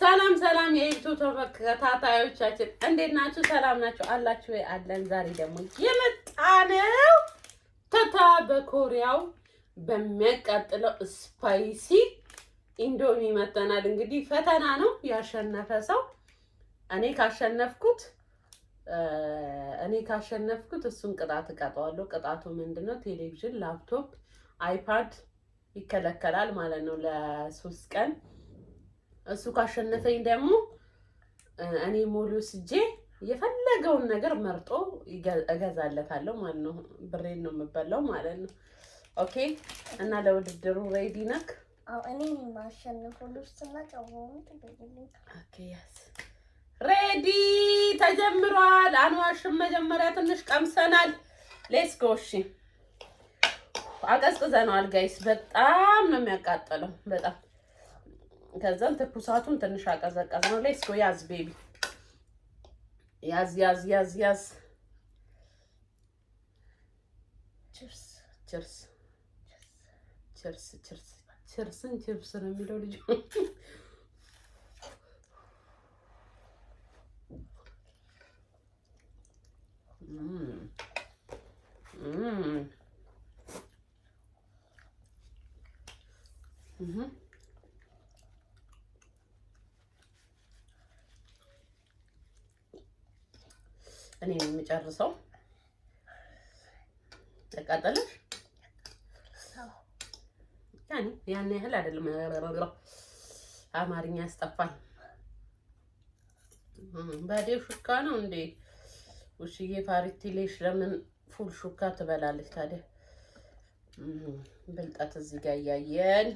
ሰላም ሰላም የዩቱብ ተከታታዮቻችን እንዴት ናችሁ? ሰላም ናችሁ? አላችሁ ወይ? አለን። ዛሬ ደግሞ የመጣነው ተታ በኮሪያው በሚያቃጥለው ስፓይሲ ኢንዶሚ መተናል። እንግዲህ ፈተና ነው። ያሸነፈ ሰው እኔ ካሸነፍኩት እኔ ካሸነፍኩት እሱን ቅጣት እቀጣዋለሁ። ቅጣቱ ምንድነው? ቴሌቪዥን፣ ላፕቶፕ፣ አይፓድ ይከለከላል ማለት ነው ለሶስት ቀን እሱ ካሸነፈኝ ደግሞ እኔ ሞሉ ስጄ የፈለገውን ነገር መርጦ እገዛለታለሁ ማለት ነው። ብሬን ነው የምበላው ማለት ነው። ኦኬ እና ለውድድሩ ሬዲ ነክ ሬዲ ተጀምሯል። አንዋሽም መጀመሪያ ትንሽ ቀምሰናል። ሌስ ጎሺ አቀዝቅዘነዋል ጋይስ። በጣም ነው የሚያቃጠለው በጣም ከዛን ትኩሳቱን ትንሽ አቀዘቀዝ ነው ሌስኮ ያዝ ቤቢ ያዝ ያዝ ያዝ ያዝ ችርስ ችርስ ችርስን ችርስ ነው የሚለው ልጅ እኔ የሚጨርሰው። ተቃጠለሽ ያን ያን ያህል አይደለም። አማርኛ ያስጠፋል። ባዴ ሹካ ነው እንዴ? ውሽዬ ፓሪቲ ሌሽ ለምን ፉል ሹካ ትበላለች ታዲያ? ብልጣት እዚህ ጋር እያየን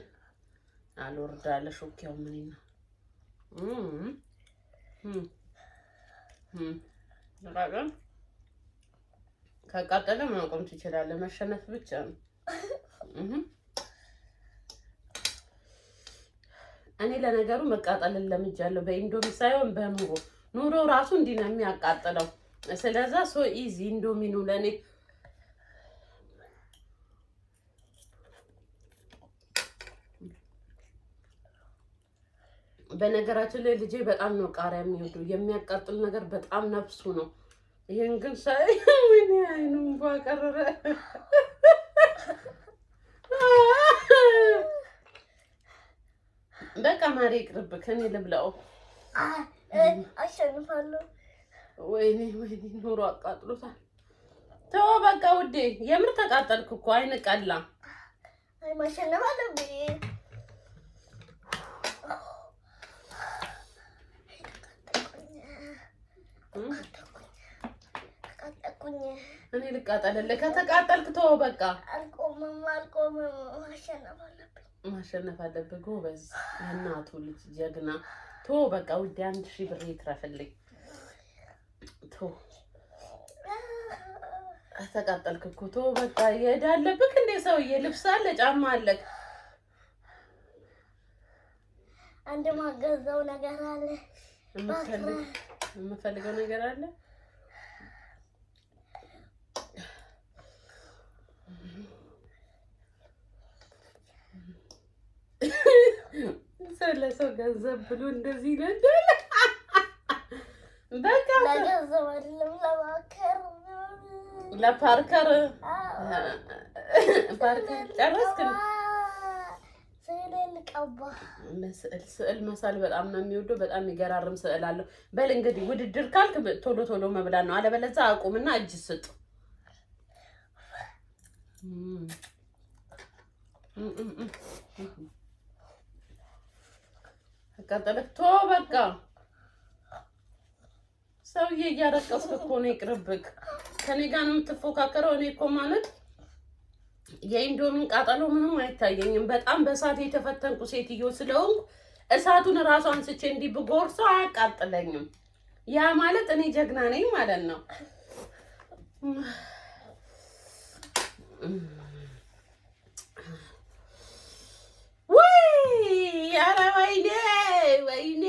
አልወርዳለ ሹኪያው ምን ነው በቃ ከቃጠለ ማቆም ትችላለህ። መሸነፍ ብቻ ነው። እኔ ለነገሩ መቃጠልን ለምጃለሁ፣ በኢንዶሚ ሳይሆን በኑሮ ኑሮ ራሱ እንዲህ ነው የሚያቃጥለው። ስለዛ ሶ ኢዚ ኢንዶሚ ለእኔ በነገራችን ላይ ልጄ በጣም ነው ቃሪያ የሚወዱ የሚያቃጥል ነገር በጣም ነፍሱ ነው። ይህን ግን ሳይ ምን አይኑ እንኳ ቀረረ። በቃ ማሪ ቅርብ ከኔ ልብለው። አሸንፋለሁ። ወይኔ ወይኔ፣ ኑሮ አቃጥሎታል። ተወ በቃ ውዴ፣ የምር ተቃጠልኩ እኮ አይንቀላ ማሸነፍ አለብኝ እኔ ልቃጠል። ከተቃጠልክ ተወው በቃ። አልቆምም አልቆምም። ማሸነፍ አለብኝ ማሸነፍ አለብህ። ጎበዝ እናቱ ልጅ ጀግና። ተወው በቃ ውዴ፣ አንድ ሺህ ብር ይትረፍልኝ። ተወው ተቃጠልክ እኮ ተወው በቃ። የዕዳ አለብህ እንዴ ሰውዬ? ልብስ አለ ጫማ አለክ። አንድ ማገዛው ነገር አለ የምፈልገው ነገር አለ። ሰው ለሰው ገንዘብ ብሎ እንደዚህ ይገዳል። በቃ ለፓርከር ፓርከር ጨረስክ? ስዕል መሳል በጣም ነው የሚወደው። በጣም የሚገራርም ስዕል አለው። በል እንግዲህ ውድድር ካልክ ቶሎ ቶሎ መብላት ነው፣ አለበለዛ አቁምና እጅ ስጡ። አቃጠለክ በቃ ሰውዬ እያረቀስክ እኮ ነው። ይቅርብክ። ከኔ ጋር ነው የምትፎካከረው። እኔ እኮ ማለት የኢንዶሚን ቃጠሎ ምንም አይታየኝም። በጣም በእሳት የተፈተንኩ ሴትዮ ስለሆንኩ እሳቱን እራሱ አንስቼ እንዲህ ብጎርሰው አያቃጥለኝም። ያ ማለት እኔ ጀግና ነኝ ማለት ነው። ወይ ኧረ ወይኔ ወይኔ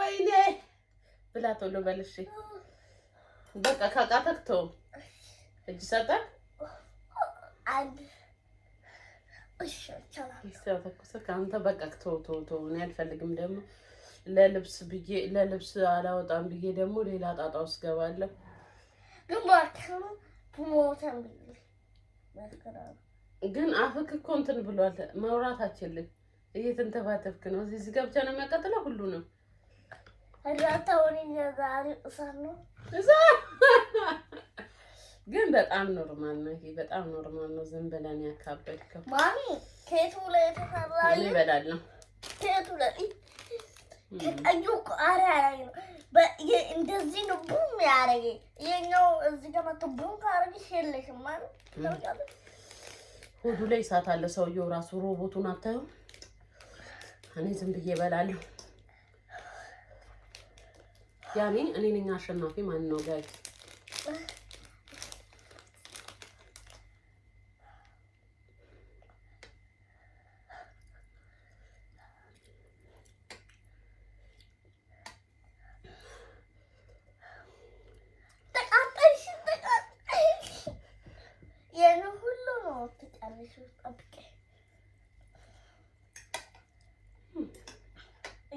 ወይኔ ብላ ቶሎ በልሽ በቃ ካቃተክቶ እጅ ሰጠን ሚስጥር በቃ ተው ተው ተው፣ እኔ አልፈልግም። ደግሞ ለልብስ ብዬ ለልብስ አላወጣም ብዬ ደግሞ ሌላ ጣጣ ውስጥ ገባለሁ። ግን አፍክ እኮ እንትን ብሏል። መውራት አችልም። እየተንተባተብክ ነው። እዚህ ጋ ነው የሚያቀጥለው ሁሉ ነው ግን በጣም ኖርማል ነው። ይሄ በጣም ኖርማል ነው። ዝም ብለን ያካበድከው ማሚ ኬቱ ላይ ተሰራ ይበላል። ኬቱ ላይ ከቀዩ ቃሪ ያረግ ነው። እንደዚህ ነው ቡም ያረገ የኛው እዚህ ጋር መጥቶ ቡም ካረግሽ የለሽም ማለት ሁሉ ላይ እሳት አለ። ሰውየው ራሱ ሮቦቱን አታዩ። እኔ ዝም ብዬ እበላለሁ። ያኔ እኔ ነኝ አሸናፊ። ማን ነው ጋይ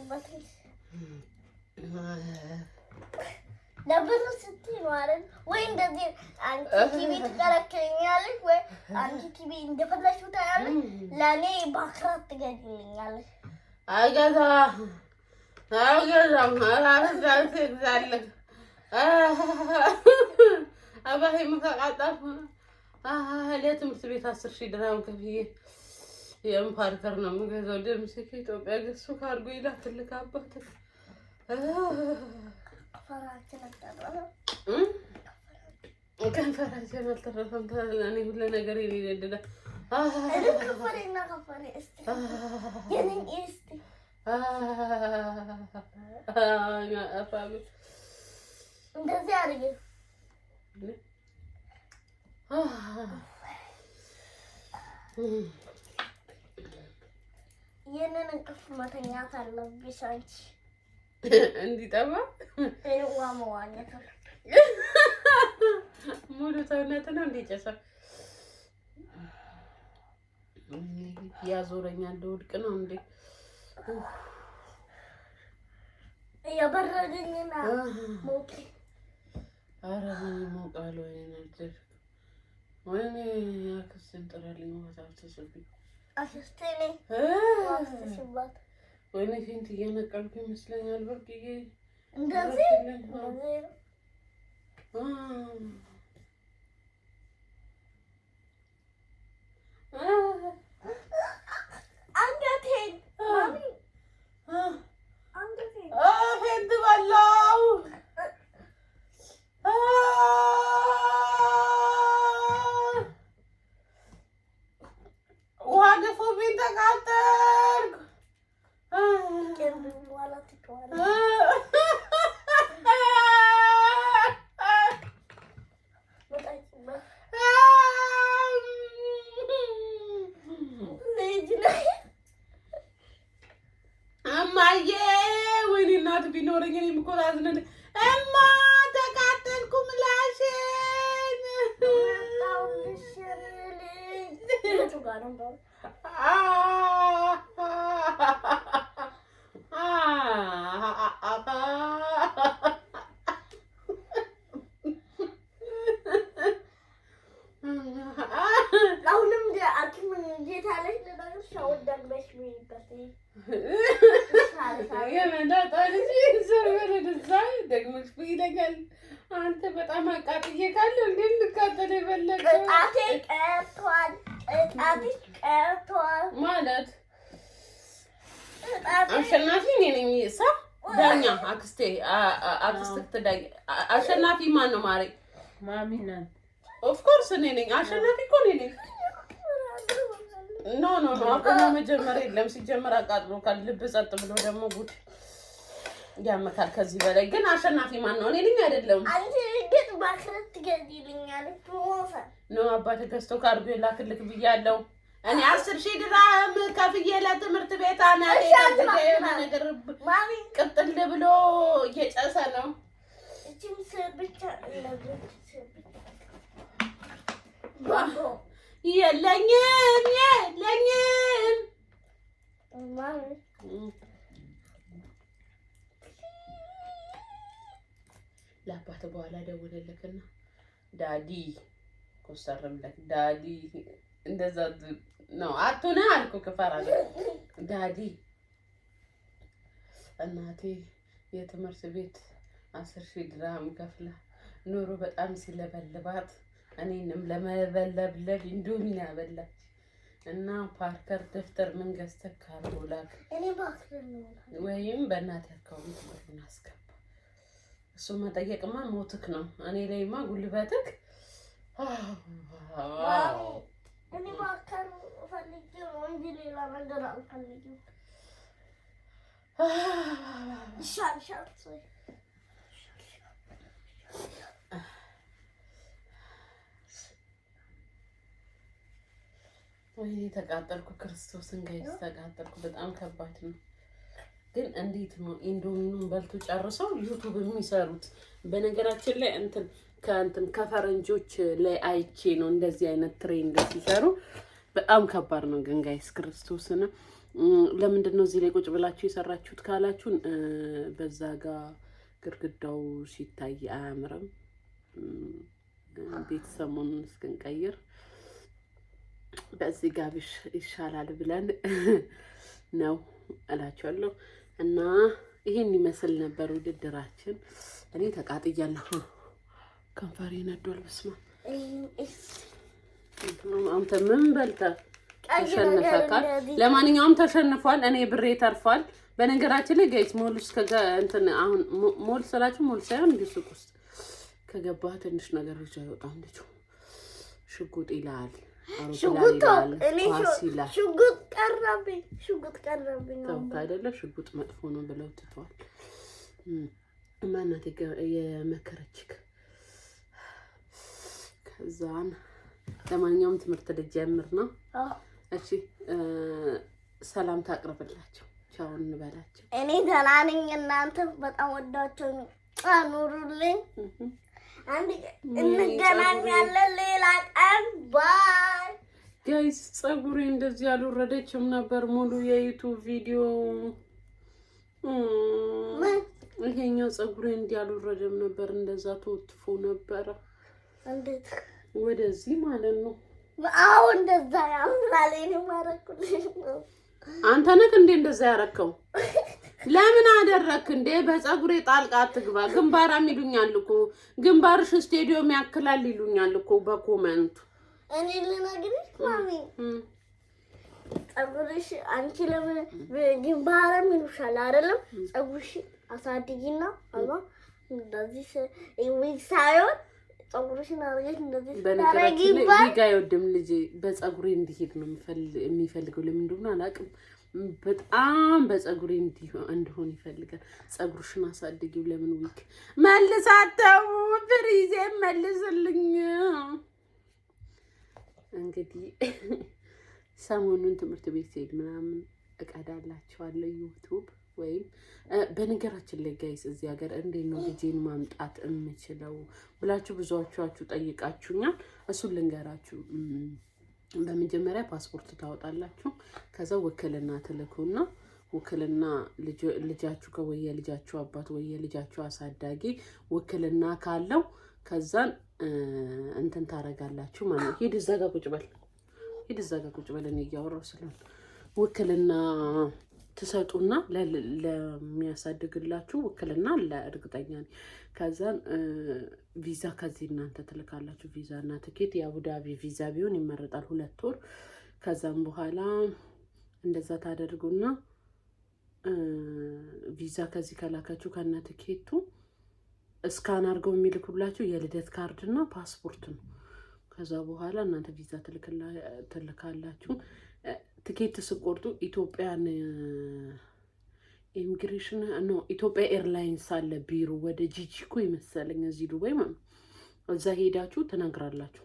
ያደረኩበትን ለብር ስትይ ማለት ወይ እንደዚህ አንቺ ቲቪ ትከለክልኛለሽ፣ ወይ አንቺ ቲቪ እንደፈለግሽ ታያለሽ። ለእኔ በአክራት ትገኝልኛለሽ። አልገዛም አልገዛም አላስዳንስ ግዛለን አባሄ ምከቃጣፍ ለትምህርት ቤት አስር ሺህ ድራም ከፍዬ የም ፓርከር ነው የምገዛው። ደምሴ ከኢትዮጵያ ገሱ ካርጎ ይላ ትልቅ አባት ከንፈራችን አልተረፈም። እኔ ሁሉ ነገር ይደድላ ይህንን እንቅፍ መተኛት አለብሽ አንቺ። እንዲጠባ ዋ መዋኘት ሙሉ ሰውነት ነው እንዲጨሰ ያዞረኛ እንደውድቅ ነው እንዴ እያበረደኝ ሞቄ አረ ኧረ ሞቃል ወይ ወይኔ ያክስን ጥራልኝ ቦታ አትስብኝ አስስተኔ ዋስተሽባት ወይኔ ፊንት እየነቀልኩ ይመስለኛል። ብርቅዬ እንደዚህ ፌንት በላው እማዬ ወይኔ እናት ቢኖረኝ እኔም እኮ ላዝነን እማ ተቃጠልኩ ምላሽን ልቃጠል የፈለገ ቅጣቴ ቀርቷል። ቀርቷል ማለት አሸናፊ እኔ ነኝ። ሳ ዳኛ አክስቴ አክስት አሸናፊ ማን ነው? ማሚ ነን። ኦፍኮርስ እኔ ነኝ አሸናፊ እኮ እኔ ነኝ። ኖ ኖ ኖ መጀመር የለም ሲጀመር አቃጥሎ ልብ ጸጥ ብሎ ደግሞ ጉድ ያመካል። ከዚህ በላይ ግን አሸናፊ ማን ነው? እኔ ነኝ አይደለም? በአክረት ትገዝ ይልኛለች። ነው አባት ገዝቶ ካርጎ የላክልክ ብያለው። እኔ አስር ሺህ ድራም ከፍዬ ለትምህርት ቤት የሆነ ነገር ቅጥል ብሎ እየጨሰ ነው። የለኝም የለኝም ለአባት በኋላ ደውልልክና ዳዲ ኮስተር ዳዲ እንደዛ ነው አቱነ አልኩ ክፈራ ዳዲ እናቴ የትምህርት ቤት አስር ሺህ ድራም ከፍላ ኑሮ በጣም ሲለበልባት እኔንም ለመበለብለብ እንዲሁም ያበላች እና ፓርከር ደፍተር ምን ገዝተህ ካልሆላክ ወይም በእናትህ አካውንት ወይም አስገባ እሱ መጠየቅማ ሞትክ ነው። እኔ ላይማ ጉልበትክ ወይኔ ተቃጠልኩ። ክርስቶስን ጋይስ ተቃጠልኩ። በጣም ከባድ ነው። ግን እንዴት ነው ኢንዶሚኑን በልቶ ጨርሰው ዩቱብ የሚሰሩት? በነገራችን ላይ እንትን ከእንትን ከፈረንጆች ላይ አይቼ ነው እንደዚህ አይነት ትሬንድ ሲሰሩ በጣም ከባድ ነው። ግን ጋይስ ነው። ለምንድን ነው እዚህ ላይ ቁጭ ብላችሁ የሰራችሁት ካላችሁን፣ በዛ ጋ ግድግዳው ሲታይ አያምርም። ቤት ሰሞኑን እስክንቀይር በዚህ ጋር ይሻላል ብለን ነው እላችኋለሁ እና ይህን ይመስል ነበር ውድድራችን። እኔ ተቃጥያለሁ፣ ከንፈር ነዷል። በስመ አብ አንተ ምን በልተ ተሸንፈካል። ለማንኛውም ተሸንፏል። እኔ ብሬ ተርፏል። በነገራችን ላይ ጋይስ ሞልስ ከዛ እንትን አሁን ሞል ስላችሁ ሞል ሳይሆን እንዲ ሱቅ ውስጥ ከገባ ትንሽ ነገሮች ብቻ አይወጣም። ልጁ ሽጉጥ ይላል። ሽጉጥ ሽጉጥ ቀረብኝ፣ ሽጉጥ ቀረብኝ። ተውክ አይደለ ሽጉጥ መጥፎ ነው ብለው ትተዋል። ማናት የመከረችክ? ከዛን ለማንኛውም ትምህርት ልጀምር ነው። እሺ ሰላም ታቅርብላቸው፣ ቻው እንበላቸው። እኔ ደህና ነኝ፣ እናንተ በጣም ወዳቸው ኑሩልኝ። እንገናኛለን ሌላ ቀን ባ ጋይስ ፀጉሬ እንደዚህ አልወረደችም ነበር። ሙሉ የዩቱብ ቪዲዮ ይሄኛው ፀጉሬ እንዲህ አልወረደም ነበር። እንደዛ ተወትፎ ነበረ ወደዚህ ማለት ነው። አዎ እንደዛ ያምራል። አንተ ነህ እንዴ እንደዛ ያረከው? ለምን አደረክ እንዴ? በጸጉሬ ጣልቃ አትግባ። ግንባራም ይሉኛል እኮ ግንባርሽ ስቴዲዮም ያክላል ይሉኛል እኮ በኮመንቱ እኔ ልነግርሽ ማሚ ፀጉርሽ አንቺ ለምን ግንባረም ይሉሻል አይደለም? ፀጉርሽ አሳድጊና አባ እንደዚህ ዊግ ሳይሆን ፀጉርሽን አድርገሽ እንደዚህ በነገራችን ዊግ አይወድም ልጄ። በፀጉሬ እንዲሄድ ነው የሚፈልገው። ለምን እንደሆነ አላውቅም። በጣም በፀጉሬ እንዲሆን ይፈልጋል። ፀጉርሽን አሳድጊው። ለምን ዊግ መልሳተው ብሪዜ መልስልኝ እንግዲህ ሰሞኑን ትምህርት ቤት ሲሄድ ምናምን እቀዳላችኋለሁ ዩቱብ ወይም በነገራችን ላይ ጋይስ እዚህ ሀገር እንዴት ነው ጊዜን ማምጣት የምችለው ብላችሁ ብዙዎቻችሁ ጠይቃችሁኛል። እሱን ልንገራችሁ። በመጀመሪያ ፓስፖርት ታወጣላችሁ። ከዛ ውክልና ትልኩና ውክልና ልጃችሁ ከወየ ልጃችሁ አባት ወየ ልጃችሁ አሳዳጊ ውክልና ካለው ከዛን እንትን ታደርጋላችሁ ማለት ነው። ሂድ እዛ ጋ ቁጭ በል፣ ሂድ እዛ ቁጭ በል። እኔ እያወራሁ ስለሆነ ውክልና ትሰጡና ለሚያሳድግላችሁ ውክልና ለእርግጠኛ ነኝ። ከዛን ቪዛ ከዚህ እናንተ ትልካላችሁ። ቪዛ እና ትኬት የአቡዳቢ ቪዛ ቢሆን ይመረጣል፣ ሁለት ወር። ከዛም በኋላ እንደዛ ታደርጉና ቪዛ ከዚህ ከላካችሁ ከነ ትኬቱ እስካን አድርገው የሚልኩላችሁ የልደት ካርድ እና ፓስፖርት ነው። ከዛ በኋላ እናንተ ቪዛ ትልካላችሁ። ትኬት ስቆርጡ ኢትዮጵያን ኢሚግሬሽን ኖ ኢትዮጵያ ኤርላይንስ አለ ቢሮ ወደ ጂጂኮ የመሰለኝ እዚህ ዱባይ ማለት ነው። እዛ ሄዳችሁ ትነግራላችሁ።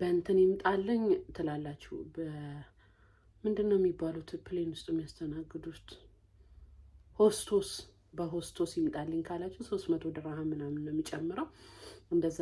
በእንትን ይምጣልኝ ትላላችሁ። በምንድን ነው የሚባሉት ፕሌን ውስጥ የሚያስተናግዱት ሆስቶስ በሆስቶ ሲምጣልኝ ካላችሁ ሶስት መቶ ድርሃም ምናምን ነው የሚጨምረው እንደዛ